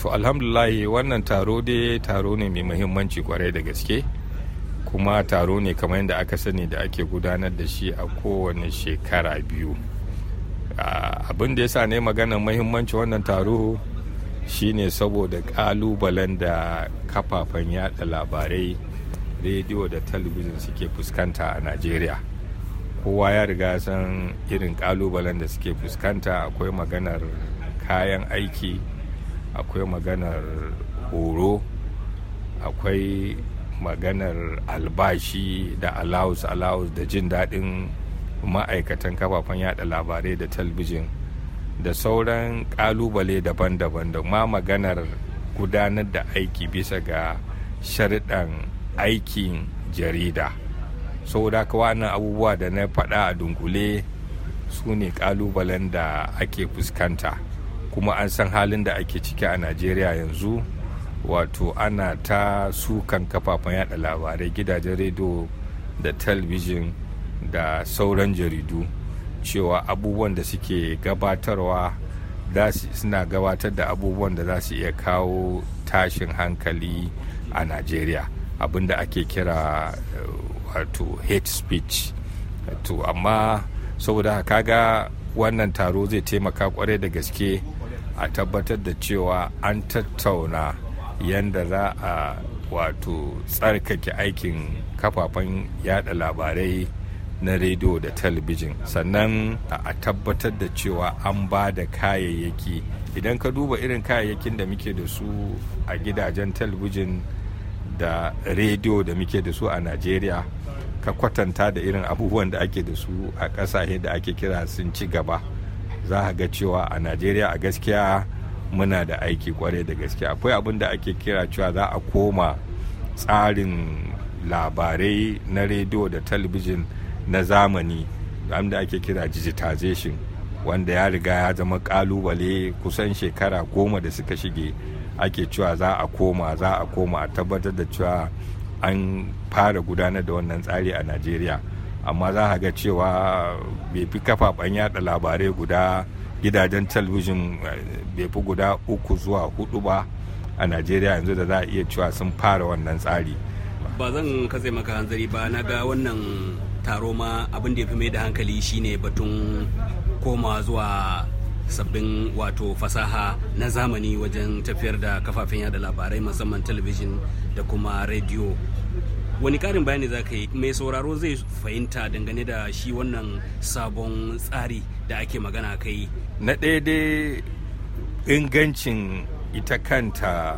to alhamdulillah wannan taro dai taro ne mai muhimmanci kwarai da gaske kuma taro ne kamar yadda aka sani da ake gudanar da shi a kowane shekara biyu abin da ya sa ne maganar muhimmanci wannan taro shine saboda kalubalen da kafafen yada labarai rediyo da talabijin suke fuskanta a najeriya kowa ya riga san irin kalubalen da suke fuskanta akwai maganar kayan aiki akwai maganar horo akwai maganar albashi da allowance allowance da jin daɗin ma'aikatan kafafen yada labarai da talbijin da sauran kalubale daban-daban da ma maganar gudanar da aiki bisa ga sharidan aikin jarida saboda kawa nan abubuwa da na faɗa a dunkule su ne kalubalen da ake fuskanta kuma an san halin da ake ciki a najeriya yanzu wato ana ta sukan kafafen yada labarai gidajen rediyo da talbijin da sauran jaridu cewa abubuwan da suke gabatarwa suna gabatar da abubuwan da za su iya kawo tashin hankali a najeriya abinda ake kira eh, wato hate speech to amma saboda haka ga wannan taro zai taimaka kwarai da gaske a tabbatar da cewa an tattauna yadda za a wato tsarkake aikin kafafen yada labarai na rediyo da talabijin sannan a tabbatar da cewa an ba da kayayyaki idan ka duba irin kayayyakin da muke da su a gidajen talabijin da rediyo da muke da su a najeriya ka kwatanta da irin abubuwan da ake da su a ƙasashe da ake kira sun ci gaba za a ga cewa a najeriya a gaskiya muna da aiki kwarai da gaskiya akwai abin da ake kira cewa za a koma tsarin labarai na rediyo da talabijin na zamani da ake kira digitization wanda ya riga ya zama kalubale kusan shekara goma da suka shige ake cewa za a koma za a koma a tabbatar da cewa an fara gudanar da wannan tsari a najeriya amma za a ga cewa bai fi kafafen yada labarai guda gidajen talabijin eh, bai fi guda uku zuwa hudu ba a najeriya yanzu da za a iya cewa sun fara wannan tsari ba zan katse maka hanzari ba na ga wannan taro ma abin da ya fi mai da hankali shine batun koma zuwa sabbin wato fasaha na zamani wajen tafiyar da kafafen yada labarai musamman talabijin da kuma rediyo wani karin bayani za ka yi mai sauraro zai fahimta dangane da shi wannan sabon tsari da ake magana kai na daidai ingancin ita kanta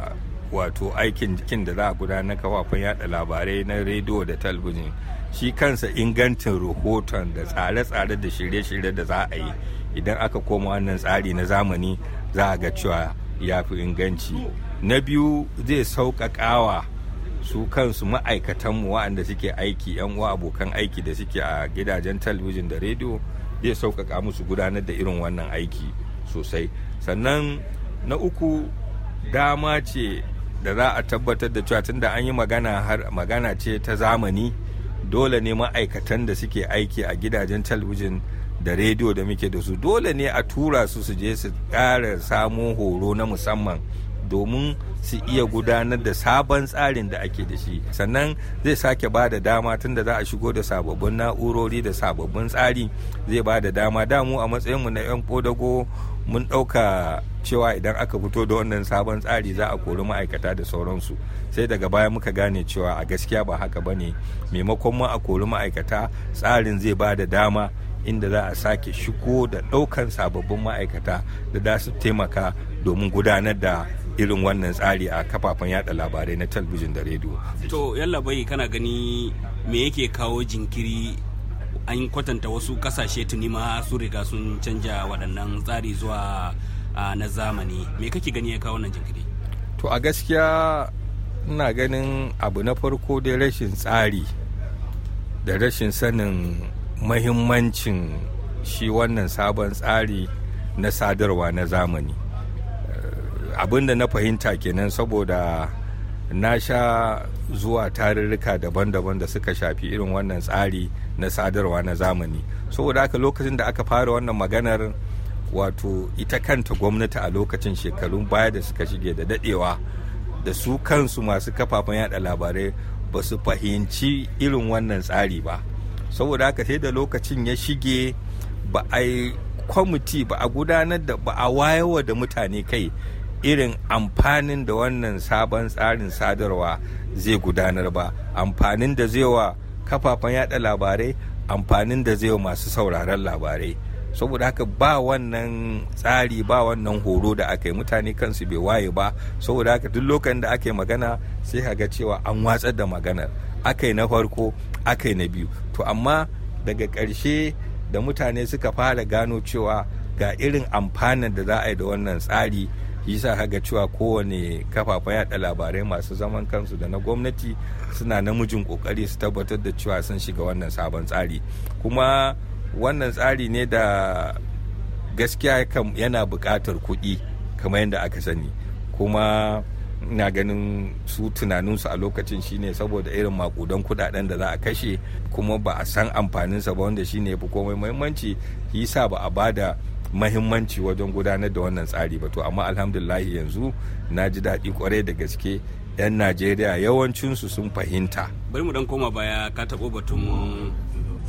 wato aikin jikin da za a gudanar kafafen yada labarai na rediyo da talabijin shi kansa ingancin rahoton da tsare-tsare da shirye-shirye da za a yi idan aka koma wannan tsari na zamani za a ga cewa ya fi inganci na biyu zai sauƙaƙawa su kansu ma'aikatanmu waɗanda suke aiki yan uwa abokan aiki da suke a gidajen talabijin da rediyo zai sauƙaƙa musu gudanar da irin wannan aiki sosai sannan na uku dama ce da za a tabbatar da cewa tunda an yi magana magana ce ta zamani dole ne ma'aikatan da suke aiki a gidajen talabijin da rediyo da muke da su dole ne a tura su su je su ƙara samo horo na musamman domin su iya gudanar da sabon tsarin da ake da shi sannan zai sake ba da dama tun da za a shigo da sababbin na'urori da sababbin tsari zai ba da dama damu a matsayinmu na 'yan kodago mun ɗauka cewa idan aka fito da wannan sabon tsari za a kori ma'aikata da sauransu sai daga baya muka gane cewa a gaskiya ba haka ba ne maimakon ma a kori ma'aikata tsarin zai ba da dama inda za a sake shigo da ɗaukan sababbin ma'aikata da za su taimaka domin gudanar da irin wannan tsari a kafafen yada labarai na talbijin da rediyo. to yalla bai kana gani me yake kawo jinkiri an kwatanta wasu kasashe tuni ma su riga sun canja waɗannan tsari zuwa na zamani me kake gani ya kawo wannan jinkiri to a gaskiya ina ganin abu na farko da rashin tsari da rashin sanin mahimmancin shi wannan sabon tsari na sadarwa na zamani abin da na fahimta kenan saboda na sha zuwa tarurruka daban-daban da suka shafi irin wannan tsari na sadarwa na zamani saboda haka lokacin da aka fara wannan maganar wato ita kanta gwamnati a lokacin shekarun baya da suka shige da dadewa da su kansu masu kafafen yada labarai ba su fahimci irin wannan tsari ba saboda haka sai da lokacin ya shige ba a yi kwamiti ba a gudanar da ba a wayewa da mutane kai irin amfanin da wannan sabon tsarin sadarwa zai gudanar ba amfanin da zai wa kafafen yada labarai amfanin da zai wa masu sauraron labarai saboda haka ba wannan tsari ba wannan horo da aka yi mutane kansu bai waye ba saboda haka duk lokacin da aka yi magana sai ka ga cewa an watsar da maganar aka yi na farko aka yi na biyu to amma daga karshe da mutane suka fara gano cewa ga irin amfanin da za a yi da wannan tsari yasa haga cewa kowane kafafen yada labarai masu zaman kansu da na gwamnati suna namijin kokari su tabbatar da cewa sun shiga wannan sabon tsari kuma wannan tsari ne da gaskiya yana bukatar kuɗi kamar yadda aka sani kuma na ganin su tunaninsu a lokacin shine saboda irin makudan kudaden da za a kashe kuma ba a san amfaninsa ba wanda shine ya fi komai muhimmanci yasa ba a bada mahimmanci wajen gudanar da wannan tsari ba to amma alhamdulahi yanzu na ji daɗi kwarai da gaske 'yan najeriya yawancinsu sun fahimta bari mu dan koma baya ka taɓo batun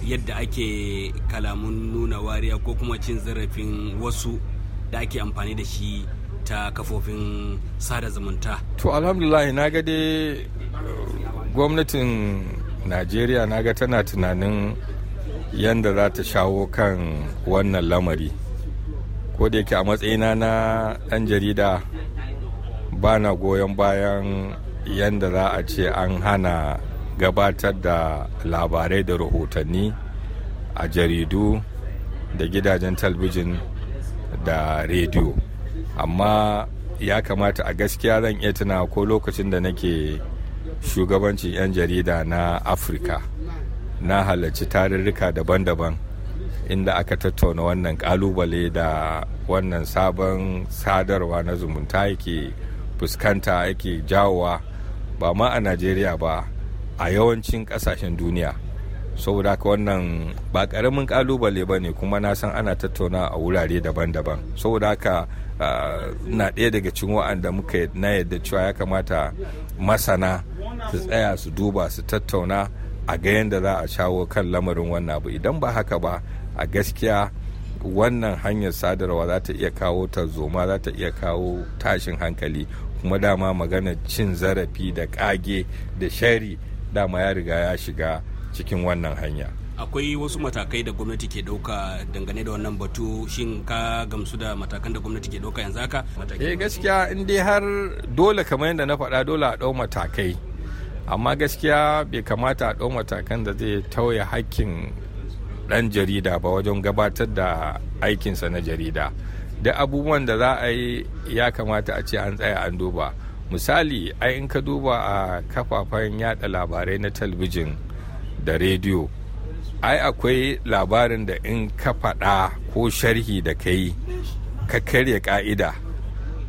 yadda ake kalamun nuna wariya ko kuma cin zarafin wasu da ake amfani da shi ta kafofin sada zumunta to alhamdulillah na ga dai gwamnatin najeriya na ga tana tunanin yadda za ta shawo kan wannan lamari ko da yake a matsayina na ɗan jarida ba na goyon bayan yadda za a ce an hana gabatar da labarai da rahotanni a jaridu da gidajen talbijin da rediyo amma ya kamata a gaskiya zan iya tuna ko lokacin da nake shugabancin 'yan jarida na afirka na halarci tarurruka daban-daban inda aka tattauna wannan kalubale da wannan sabon sadarwa na zumunta yake fuskanta yake jawowa ba ma a najeriya ba a yawancin kasashen duniya saboda haka wannan ba karamin kalubale ba ne kuma na san ana tattauna a wurare daban-daban saboda haka na ɗaya daga cikin wa'anda muka na yadda cewa ya kamata masana su tsaya su duba su tattauna a ga yadda za a shawo kan lamarin wannan abu idan ba haka ba a gaskiya wannan hanyar sadarwa za ta iya kawo tarzoma za ta iya kawo tashin hankali kuma dama magana cin zarafi da kage da shari dama ya riga ya shiga cikin wannan hanya akwai wasu matakai da gwamnati ke dauka dangane da wannan batu shin ka gamsu da matakan da gwamnati ke dauka yanzu haka eh gaskiya in dai har dole kamar yadda na faɗa dole a ɗau matakai amma gaskiya bai kamata a ɗau matakan da zai tauye hakkin ɗan jarida ba wajen gabatar da aikinsa na jarida da abubuwan da za a yi ya kamata a ce an tsaya an duba misali ai in ka duba a kafafen yada labarai na talbijin da rediyo ai akwai labarin da in ka faɗa ko sharhi da ka yi ka karya ka'ida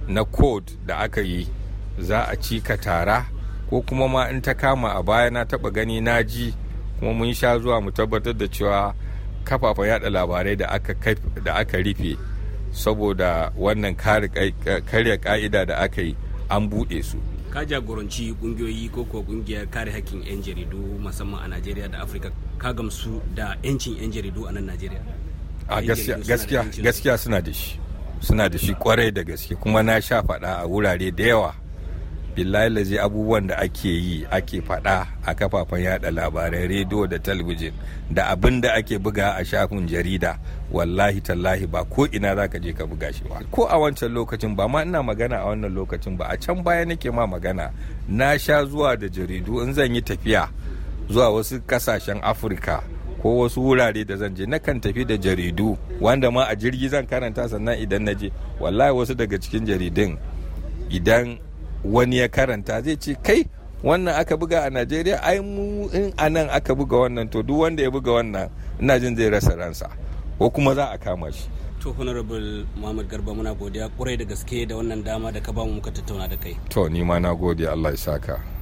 na code da aka yi za a ci ka tara ko kuma ma in ta kama a baya na taɓa gani na ji kuma mun sha zuwa mu tabbatar da cewa kafafen yada labarai da aka rufe saboda wannan karya ka'ida da aka yi an buɗe su ka jagoranci kungiyoyi ko ko kungiyar kare hakkin 'yan jaridu musamman a najeriya da afirka ka gamsu da 'yancin 'yan jaridu a nan najeriya a gaskiya suna da shi suna da shi kwarai da gaske kuma na sha faɗa a wurare da yawa billahi abubuwan da ake yi ake faɗa a kafafen yada labarai rediyo da talabijin da abin da ake buga a shafin jarida wallahi tallahi ba ko ina za ka je ka buga shi ba ko a wancan lokacin ba ma ina magana a wannan lokacin ba a can baya nake ma magana na sha zuwa da jaridu in zan yi tafiya zuwa wasu kasashen afirka ko wasu wurare da zan je nakan tafi da jaridu wanda ma a jirgi zan karanta sannan idan na je wallahi wasu daga cikin jaridun idan wani ya karanta zai ce kai wannan aka buga a najeriya ai mu in a nan aka buga wannan to duk wanda ya buga wannan ina jin zai rasa ransa ko kuma za a kama shi to honorable muhammad garba muna godiya kurai da gaske da wannan dama da ka ba mu muka tattauna da kai to ni ma na gode allah ya saka